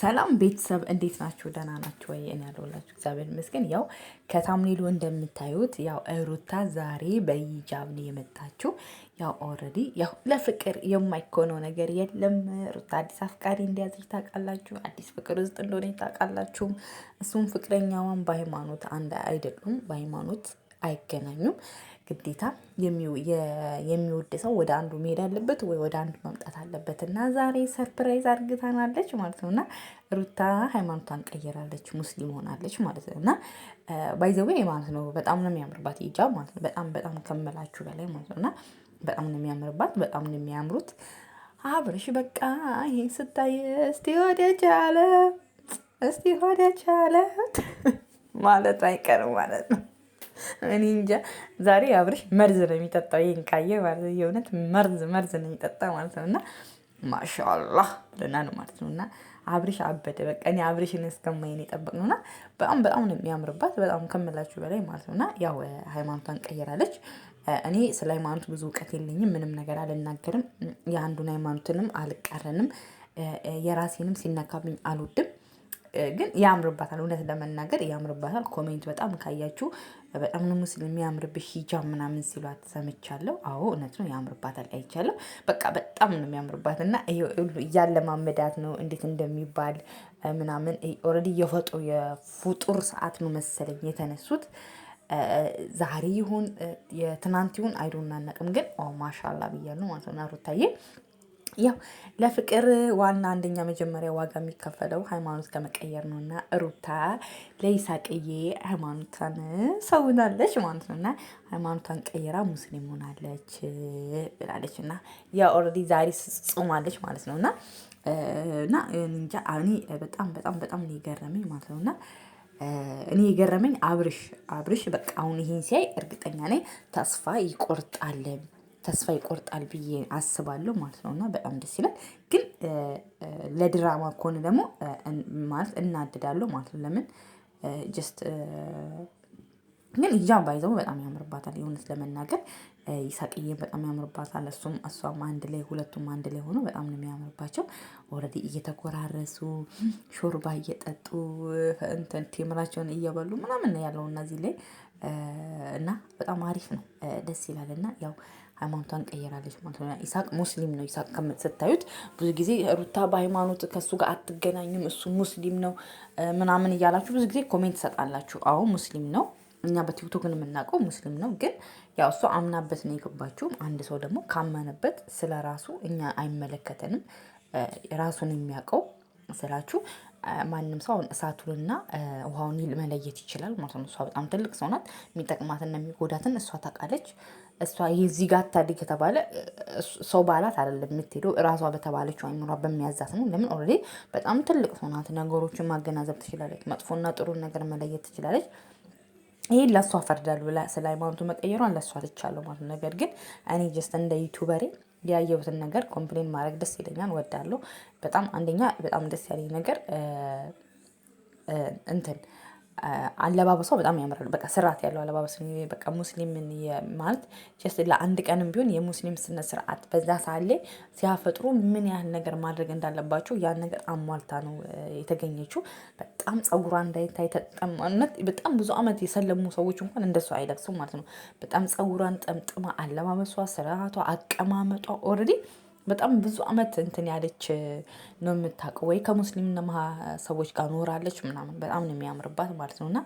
ሰላም ቤተሰብ እንዴት ናችሁ? ደህና ናችሁ ወይ? እኔ ያለሁላችሁ እግዚአብሔር ይመስገን። ያው ከታምኔሉ እንደምታዩት ያው ሩታ ዛሬ በሂጃብ ነው የመጣችው። ያው ኦልሬዲ ያው ለፍቅር የማይኮነው ነገር የለም። ሩታ አዲስ አፍቃሪ እንዲያዘች ታውቃላችሁ። አዲስ ፍቅር ውስጥ እንደሆነ ታውቃላችሁም። እሱም ፍቅረኛዋን በሃይማኖት አንድ አይደሉም፣ በሃይማኖት አይገናኙም። ግዴታ የሚወድ ሰው ወደ አንዱ መሄድ አለበት ወይ ወደ አንዱ መምጣት አለበት እና ዛሬ ሰርፕራይዝ አድርግታናለች ማለት ነው እና ሩታ ሃይማኖቷን ቀይራለች፣ ሙስሊም ሆናለች ማለት ነው እና ባይዘዌ ማለት ነው በጣም ነው የሚያምርባት ሂጃብ ማለት ነው። በጣም በጣም ከመላችሁ በላይ ማለት ነው እና በጣም ነው የሚያምርባት፣ በጣም ነው የሚያምሩት። አብርሽ በቃ ይህን ስታይ እስቲ ወደ ቻለ እስቲ ወደ ቻለ ማለት አይቀርም ማለት ነው። እኔ እንጃ ዛሬ አብርሽ መርዝ ነው የሚጠጣው። ይህን ካየ ማለት የእውነት መርዝ መርዝ ነው የሚጠጣው ማለት ነው። እና ብለና ነው ማለት ነው። እና አብርሽ አበደ። በቃ እኔ አብርሽን እስከማይን የጠበቅ ነው። እና በጣም በጣም ነው የሚያምርባት በጣም ከምላችሁ በላይ ማለት ነው። እና ያው ሃይማኖቷን ቀይራለች። እኔ ስለ ሃይማኖት ብዙ እውቀት የለኝም፣ ምንም ነገር አልናገርም። የአንዱን ሃይማኖትንም አልቃረንም፣ የራሴንም ሲነካብኝ አልወድም። ግን ያምርባታል። እውነት ለመናገር ያምርባታል። ኮሜንት በጣም ካያችሁ በጣም ነው ሙስሊም የሚያምርብህ ሂጃብ ምናምን ሲሏት ሰምቻለሁ። አዎ እውነት ነው ያምርባታል፣ አይቻለሁ። በቃ በጣም ነው የሚያምርባት እና እያለማመዳት ነው እንዴት እንደሚባል ምናምን። ኦልሬዲ የፈጦ የፍጡር ሰዓት ነው መሰለኝ የተነሱት ዛሬ ይሁን የትናንት ይሁን አይዶናነቅም ግን ማሻላ ብያለሁ ማለት ነው ሩታዬ ያው ለፍቅር ዋና አንደኛ መጀመሪያ ዋጋ የሚከፈለው ሃይማኖት ከመቀየር ነው እና ሩታ ለይሳቅዬ ሃይማኖቷን ሰውናለች ማለት ነው እና ሃይማኖቷን ቀይራ ሙስሊም ሆናለች ብላለች እና ያው ኦልሬዲ ዛሬ ጾማለች ማለት ነው እና እና እንጃ እኔ በጣም በጣም በጣም ነው የገረመኝ ማለት ነው እና እኔ የገረመኝ አብርሽ አብርሽ በቃ አሁን ይህን ሲያይ እርግጠኛ ነኝ ተስፋ ይቆርጣል። ተስፋ ይቆርጣል ብዬ አስባለሁ ማለት ነው እና በጣም ደስ ይላል። ግን ለድራማ ከሆነ ደግሞ ማለት እናድዳለሁ ማለት ነው። ለምን ጀስት ግን ሂጃብ ባይዘው በጣም ያምርባታል። የእውነት ለመናገር ይሳቅዬም በጣም ያምርባታል። እሱም እሷም አንድ ላይ ሁለቱም አንድ ላይ ሆኖ በጣም ነው የሚያምርባቸው። ኦልሬዲ እየተጎራረሱ ሾርባ እየጠጡ እንትን ቴምራቸውን እየበሉ ምናምን ያለው እና እዚህ ላይ እና በጣም አሪፍ ነው፣ ደስ ይላል። እና ያው ሃይማኖቷን ቀይራለች ማለት ነው። ኢሳቅ ሙስሊም ነው። ኢሳቅ ስታዩት ብዙ ጊዜ ሩታ በሃይማኖት ከሱ ጋር አትገናኙም፣ እሱ ሙስሊም ነው ምናምን እያላችሁ ብዙ ጊዜ ኮሜንት ትሰጣላችሁ። አዎ ሙስሊም ነው። እኛ በቲክቶክን የምናውቀው ሙስሊም ነው። ግን ያው እሱ አምናበት ነው የገባችሁም አንድ ሰው ደግሞ ካመነበት ስለ ራሱ እኛ አይመለከተንም፣ ራሱን የሚያውቀው ስላችሁ ማንም ሰው አሁን እሳቱንና ውሃውን መለየት ይችላል ማለት ነው። እሷ በጣም ትልቅ ሰው ናት። የሚጠቅማትና የሚጎዳትን እሷ ታውቃለች። እሷ የዚህ ጋር ታድግ ከተባለ ሰው ባላት አይደለም የምትሄደው፣ እራሷ በተባለች አይምሯ በሚያዛት ነው። ለምን ኦልሬዲ በጣም ትልቅ ሰው ናት። ነገሮችን ማገናዘብ ትችላለች። መጥፎና ጥሩን ነገር መለየት ትችላለች። ይህን ለእሷ ፈርዳሉ። ስለ ሃይማኖቱ መቀየሯን ለእሷ ትቻለሁ ማለት ነው። ነገር ግን እኔ ጀስት እንደ ዩቱበሬ ያየሁትን ነገር ኮምፕሌን ማድረግ ደስ ይለኛል፣ ወዳለሁ። በጣም አንደኛ በጣም ደስ ያለኝ ነገር እንትን አለባበሷ በጣም ያምራል። በቃ ስርዓት ያለው አለባበስ በቃ ሙስሊምን ማለት ስ ለአንድ ቀንም ቢሆን የሙስሊም ስነ ስርዓት በዛ ሰዓት ሲያፈጥሩ ምን ያህል ነገር ማድረግ እንዳለባቸው ያን ነገር አሟልታ ነው የተገኘችው። በጣም ጸጉሯ እንዳይታይ ተጠማነት በጣም ብዙ ዓመት የሰለሙ ሰዎች እንኳን እንደሱ አይለቅሱም ማለት ነው። በጣም ጸጉሯን ጠምጥማ አለባበሷ፣ ስርዓቷ፣ አቀማመጧ ኦልሬዲ በጣም ብዙ አመት እንትን ያለች ነው የምታውቀው ወይ ከሙስሊም ሰዎች ጋር ኖራለች ምናምን በጣም ነው የሚያምርባት ማለት ነው። እና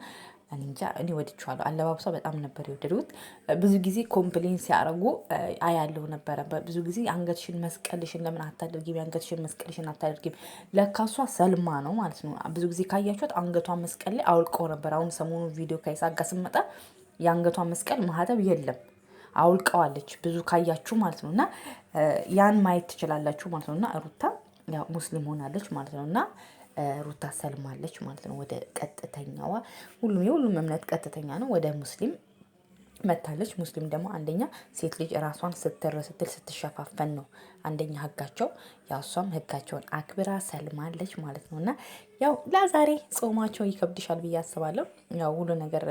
እንጃ እኔ ወድቼዋለሁ። አለባብሷ በጣም ነበር የወደድኩት። ብዙ ጊዜ ኮምፕሌን ሲያደርጉ አያለው ነበረ። ብዙ ጊዜ አንገትሽን መስቀልሽን ለምን አታደርጊም? የአንገትሽን መስቀልሽን አታደርጊም? ለካሷ ሰልማ ነው ማለት ነው። ብዙ ጊዜ ካያችኋት አንገቷ መስቀል ላይ አውልቀው ነበር። አሁን ሰሞኑ ቪዲዮ ከይሳቅ ጋር ስመጣ የአንገቷ መስቀል ማህተብ የለም። አውልቀዋለች። ብዙ ካያችሁ ማለት ነው እና ያን ማየት ትችላላችሁ ማለት ነው እና ሩታ ያው ሙስሊም ሆናለች ማለት ነው እና ሩታ ሰልማለች ማለት ነው። ወደ ቀጥተኛዋ ሁሉም የሁሉም እምነት ቀጥተኛ ነው ወደ ሙስሊም መታለች። ሙስሊም ደግሞ አንደኛ ሴት ልጅ ራሷን ስትር ስትል ስትሸፋፈን ነው አንደኛ ህጋቸው፣ ያው እሷም ህጋቸውን አክብራ ሰልማለች ማለት ነው። እና ያው ለዛሬ ጾማቸው ይከብድሻል ብዬ አስባለሁ። ያው ሁሉ ነገር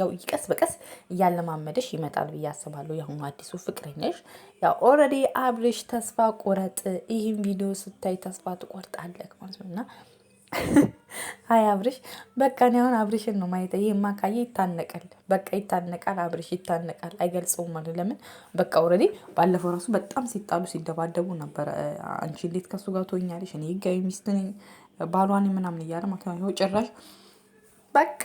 ያው ይቀስ በቀስ እያለማመደሽ ይመጣል ብዬ አስባለሁ። ያሁኑ አዲሱ ፍቅረኛሽ ያው ኦልሬዲ አብርሽ ተስፋ ቁረጥ። ይህን ቪዲዮ ስታይ ተስፋ ትቆርጣለህ ማለት ነው እና አይ አብርሽ በቃ እኔ አሁን አብርሽን ነው ማየት። ይህ ካየ ይታነቃል፣ በቃ ይታነቃል፣ አብርሽ ይታነቃል። አይገልጸውም ማለት ለምን? በቃ ኦልሬዲ ባለፈው ራሱ በጣም ሲጣሉ ሲደባደቡ ነበረ። አንቺ እንዴት ከሱ ጋር ትሆኛለሽ? እኔ ህጋዊ ሚስት ነኝ ባሏን ምናምን እያለ ማለት ነው። ጭራሽ በቃ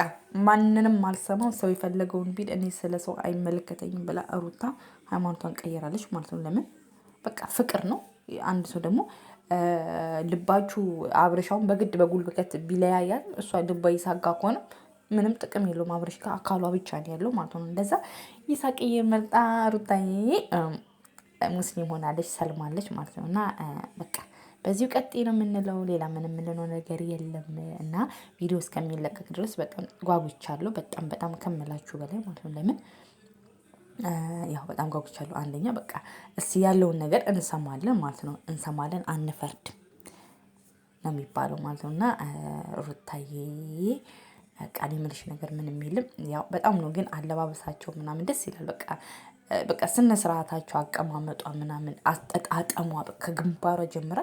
ማንንም አልሰማም፣ ሰው የፈለገውን ቢል እኔ ስለ ሰው አይመለከተኝም ብላ ሩታ ሃይማኖቷን ቀይራለች ማለት ነው። ለምን? በቃ ፍቅር ነው። አንድ ሰው ደግሞ ልባችሁ አብረሻውን በግድ በጉልበት ቢለያያል እሷ ልባ ይሳጋ ከሆነ ምንም ጥቅም የለውም። አብረሽ ጋር አካሏ ብቻ ነው ያለው ማለት ነው። እንደዛ ይሳቅዬ መርጣ ሩታዬ ሙስሊም ሆናለች ሰልማለች ማለት ነው። እና በቃ በዚሁ ቀጤ ነው የምንለው፣ ሌላ ምን የምንለው ነገር የለም። እና ቪዲዮ እስከሚለቀቅ ድረስ በጣም ጓጉቻለሁ። በጣም በጣም ከምላችሁ በላይ ማለት ነው ለምን ያው በጣም ጓጉቻለሁ። አንደኛ በቃ እስቲ ያለውን ነገር እንሰማለን ማለት ነው። እንሰማለን አንፈርድም ነው የሚባለው ማለት ነው። እና ሩታዬ ቃል የምልሽ ነገር ምን የሚልም ያው በጣም ነው ግን አለባበሳቸው ምናምን ደስ ይላል። በቃ በቃ ስነ ስርዓታቸው አቀማመጧ ምናምን አጠጣጠሟ ከግንባሯ ጀምራ